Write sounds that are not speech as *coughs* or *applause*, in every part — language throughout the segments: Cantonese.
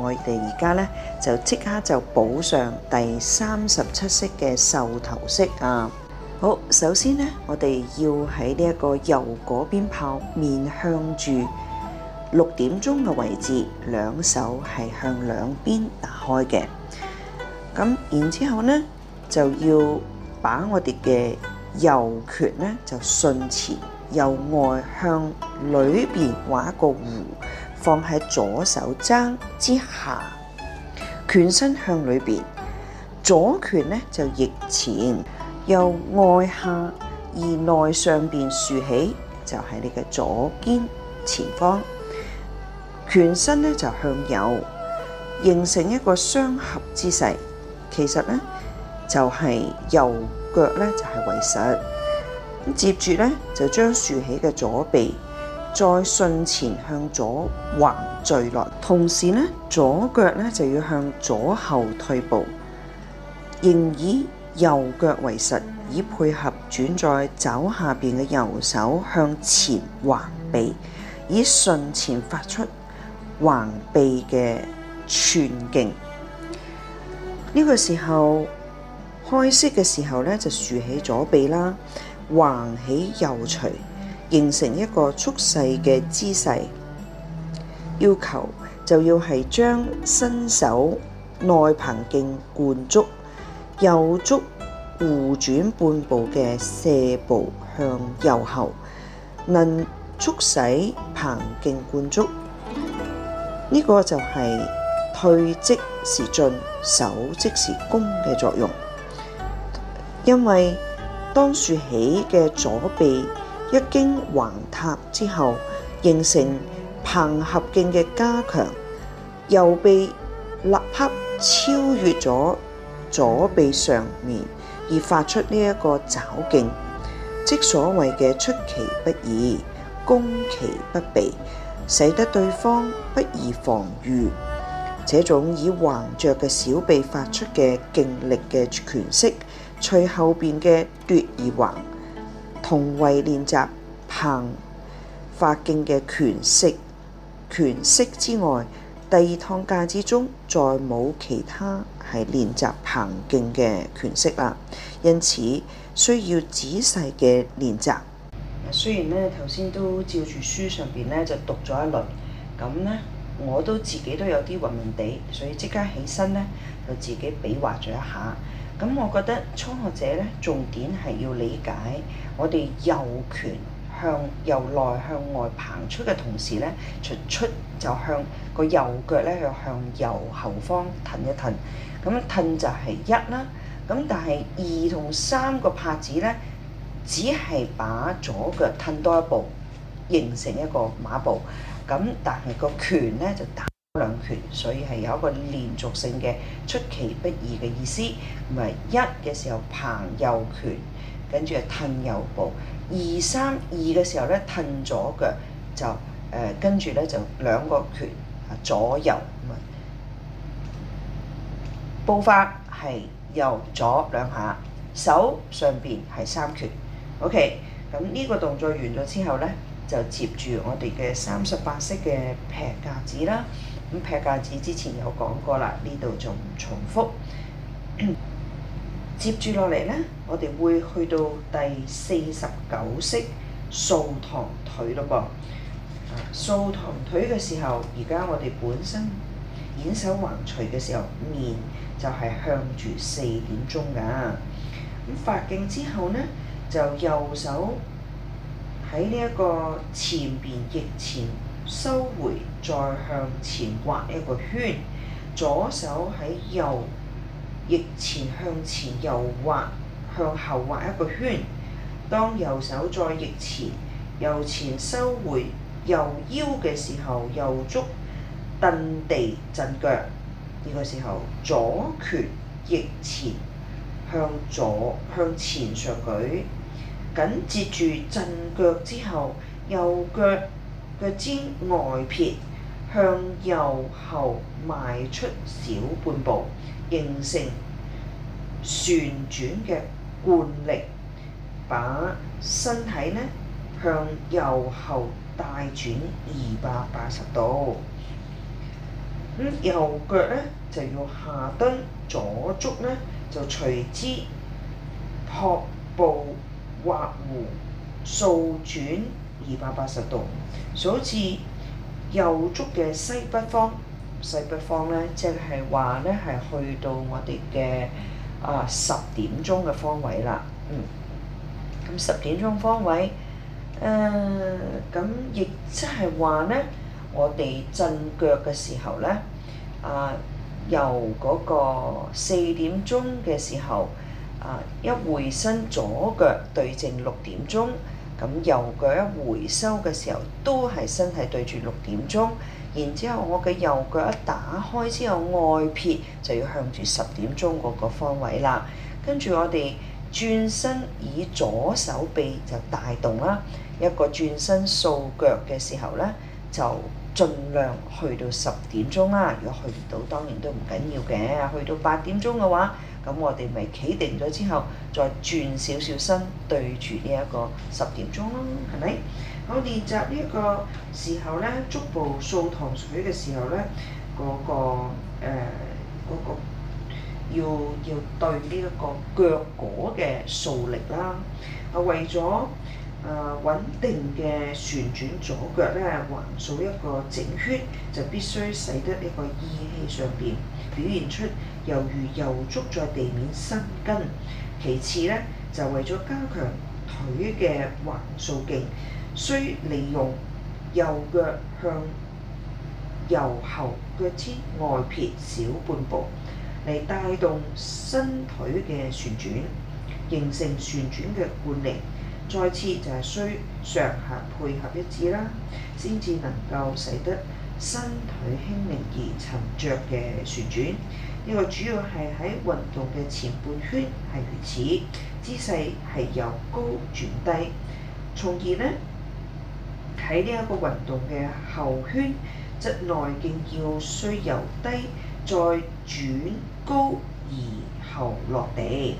我哋而家咧就即刻就補上第三十七式嘅獸頭式啊！好，首先咧，我哋要喺呢一個右嗰邊炮，面向住六點鐘嘅位置，兩手係向兩邊打開嘅。咁然之後咧，就要把我哋嘅右拳咧就順前，由外向裏邊畫一個弧。放喺左手踭之下，拳身向裏邊，左拳呢就腋前，由外下而內上邊豎起，就係你嘅左肩前方。拳身呢就向右，形成一個雙合之勢。其實呢就係右腳呢就係為實。接住呢就將豎起嘅左臂，再順前向左橫墜落，同時呢左腳呢就要向左後退步，仍以右腳為實，以配合轉在肘下邊嘅右手向前橫臂，以順前發出橫臂嘅寸勁。呢、這個時候開式嘅時候呢就豎起左臂啦，橫起右捶。形成一個促勢嘅姿勢，要求就要係將伸手內棚勁貫足右足互轉半步嘅射步向右後，能促使棚勁貫足，呢個就係退即時進，守即時攻嘅作用。因為當豎起嘅左臂。一經橫塌之後，形成膨合勁嘅加強，右臂立刻超越咗左臂上面，而發出呢一個爪勁，即所謂嘅出其不意、攻其不備，使得對方不易防禦。這種以橫着嘅小臂發出嘅勁力嘅拳式，隨後邊嘅奪而橫。同為練習掤發勁嘅拳式，拳式之外，第二趟架子中再冇其他係練習掤勁嘅拳式啦，因此需要仔細嘅練習。雖然咧，頭先都照住書上邊咧就讀咗一輪，咁咧我都自己都有啲暈暈哋，所以即刻起身咧就自己比劃咗一下。咁我覺得初學者咧，重點係要理解我哋右拳向由內向外膨出嘅同時咧，出出就向個右腳咧去向右後方褪一褪。咁褪就係一啦。咁但係二同三個拍子咧，只係把左腳褪多一步，形成一個馬步。咁但係個拳咧就打。兩拳，所以係有一個連續性嘅出其不意嘅意思。唔係一嘅時候，棚右拳，跟住啊褪右步。二三二嘅時候咧，褪左腳就誒、呃、跟住咧就兩個拳左右。唔係步法係右左兩下，手上邊係三拳。OK，咁呢個動作完咗之後咧，就接住我哋嘅三十八式嘅劈架子啦。咁劈架子之前有講過啦，呢度就唔重複。 *coughs* 接住落嚟咧，我哋會去到第四十九式掃堂腿咯噃。掃堂腿嘅時候，而家我哋本身掩手橫捶嘅時候，面就係向住四點鐘噶。咁發勁之後咧，就右手喺呢一個前邊翼前。收回，再向前畫一個圈。左手喺右逆前向前右畫，向後畫一個圈。當右手再逆前右前收回右腰嘅時候，右足蹬地震腳。呢個時候左拳逆前向左向前上舉，緊接住震腳之後右腳。腳尖外撇，向右後邁出小半步，形成旋轉嘅慣力，把身體呢向右後帶轉二百八十度。咁右腳呢就要下蹲，左足呢就隨之撲步劃弧掃轉。二百八十度，好似右足嘅西北方、西北方咧，即係話咧係去到我哋嘅啊十點鐘嘅方位啦，嗯。咁十點鐘方位，誒咁亦即係話咧，我哋震腳嘅時候咧，啊、呃、由嗰個四點鐘嘅時候，啊、呃、一回身左腳對正六點鐘。咁右腳一回收嘅時候，都係身體對住六點鐘，然之後我嘅右腳一打開之後外撇，就要向住十點鐘嗰個方位啦。跟住我哋轉身，以左手臂就帶動啦。一個轉身掃腳嘅時候呢，就盡量去到十點鐘啦。如果去唔到，當然都唔緊要嘅。去到八點鐘嘅話，咁我哋咪企定咗之後，再轉少少身對，對住呢一個十點鐘咯，係咪？好，練習呢一個時候咧，足部掃堂水嘅時候咧，嗰、嗰個誒、呃嗰個、要要對呢一個腳踝嘅掃力啦。啊，為咗～誒、啊、穩定嘅旋轉左腳咧，橫掃一個整圈，就必須使得一個意氣上邊表現出猶如右足在地面生根。其次咧，就為咗加強腿嘅橫掃勁，需利用右腳向右後腳尖外撇小半步，嚟帶動身腿嘅旋轉，形成旋轉嘅慣力。再次就係需上下配合一致啦，先至能夠使得身體輕靈而沉着嘅旋轉。呢個主要係喺運動嘅前半圈係如此，姿勢係由高轉低。從而呢，喺呢一個運動嘅後圈，則內徑要需要由低再轉高而後落地。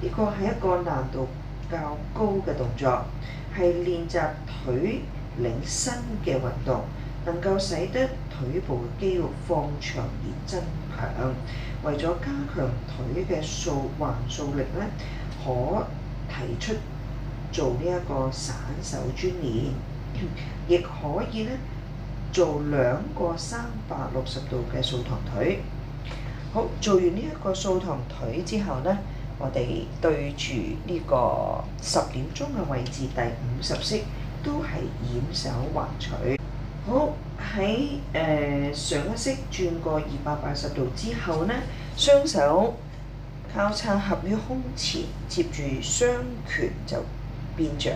呢個係一個難度。較高嘅動作係練習腿領身嘅運動，能夠使得腿部肌肉放長而增強。為咗加強腿嘅掃橫掃力咧，可提出做呢一個散手專練，亦可以咧做兩個三百六十度嘅掃堂腿。好，做完呢一個掃堂腿之後咧。我哋對住呢個十點鐘嘅位置，第五十式都係掩手橫取。好，喺誒、呃、上一式轉過二百八十度之後呢，雙手交叉合於胸前，接住雙拳就變掌，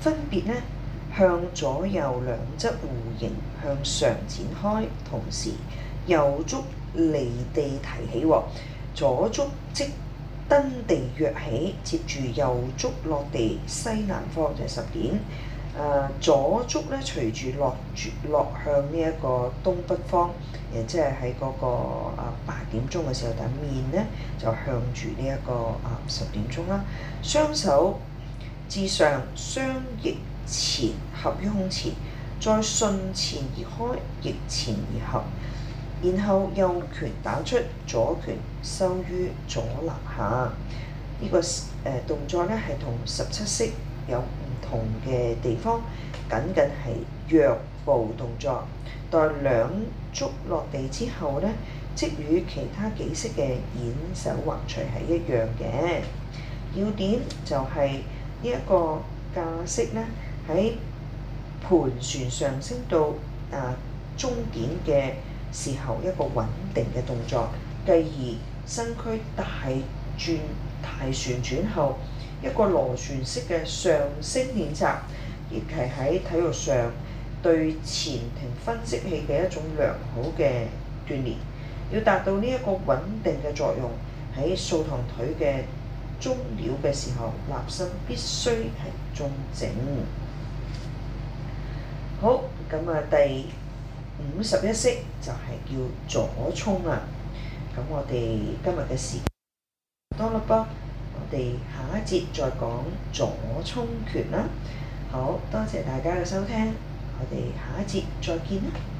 分別呢向左右兩側弧形向上展開，同時右足離地提起喎，左足即，登地躍起，接住右足落地西南方就係，十點，誒、呃、左足咧隨住落住落向呢一個東北方，誒即係喺嗰個啊八點鐘嘅時候，但面咧就向住呢一個啊，呃、十點鐘啦。雙手至上，雙翼前合於胸前，再順前而開，翼前而合。然後右拳打出，左拳收於左肋下。呢、這個誒、呃、動作咧係同十七式有唔同嘅地方，僅僅係躍步動作。待兩足落地之後呢即與其他幾式嘅演手肱錘係一樣嘅。要點就係呢一個架式呢喺盤旋上升到啊終、呃、點嘅。時候一個穩定嘅動作，繼而身軀大轉、大旋轉後，一個螺旋式嘅上升練習，亦係喺體育上對前庭分析器嘅一種良好嘅鍛鍊。要達到呢一個穩定嘅作用，喺掃堂腿嘅終了嘅時候，立身必須係中正。好，咁啊第五十一式就係叫左沖啊，咁我哋今日嘅時間唔多嘞噃，我哋下一節再講左沖拳啦，好多謝大家嘅收聽，我哋下一節再見啦。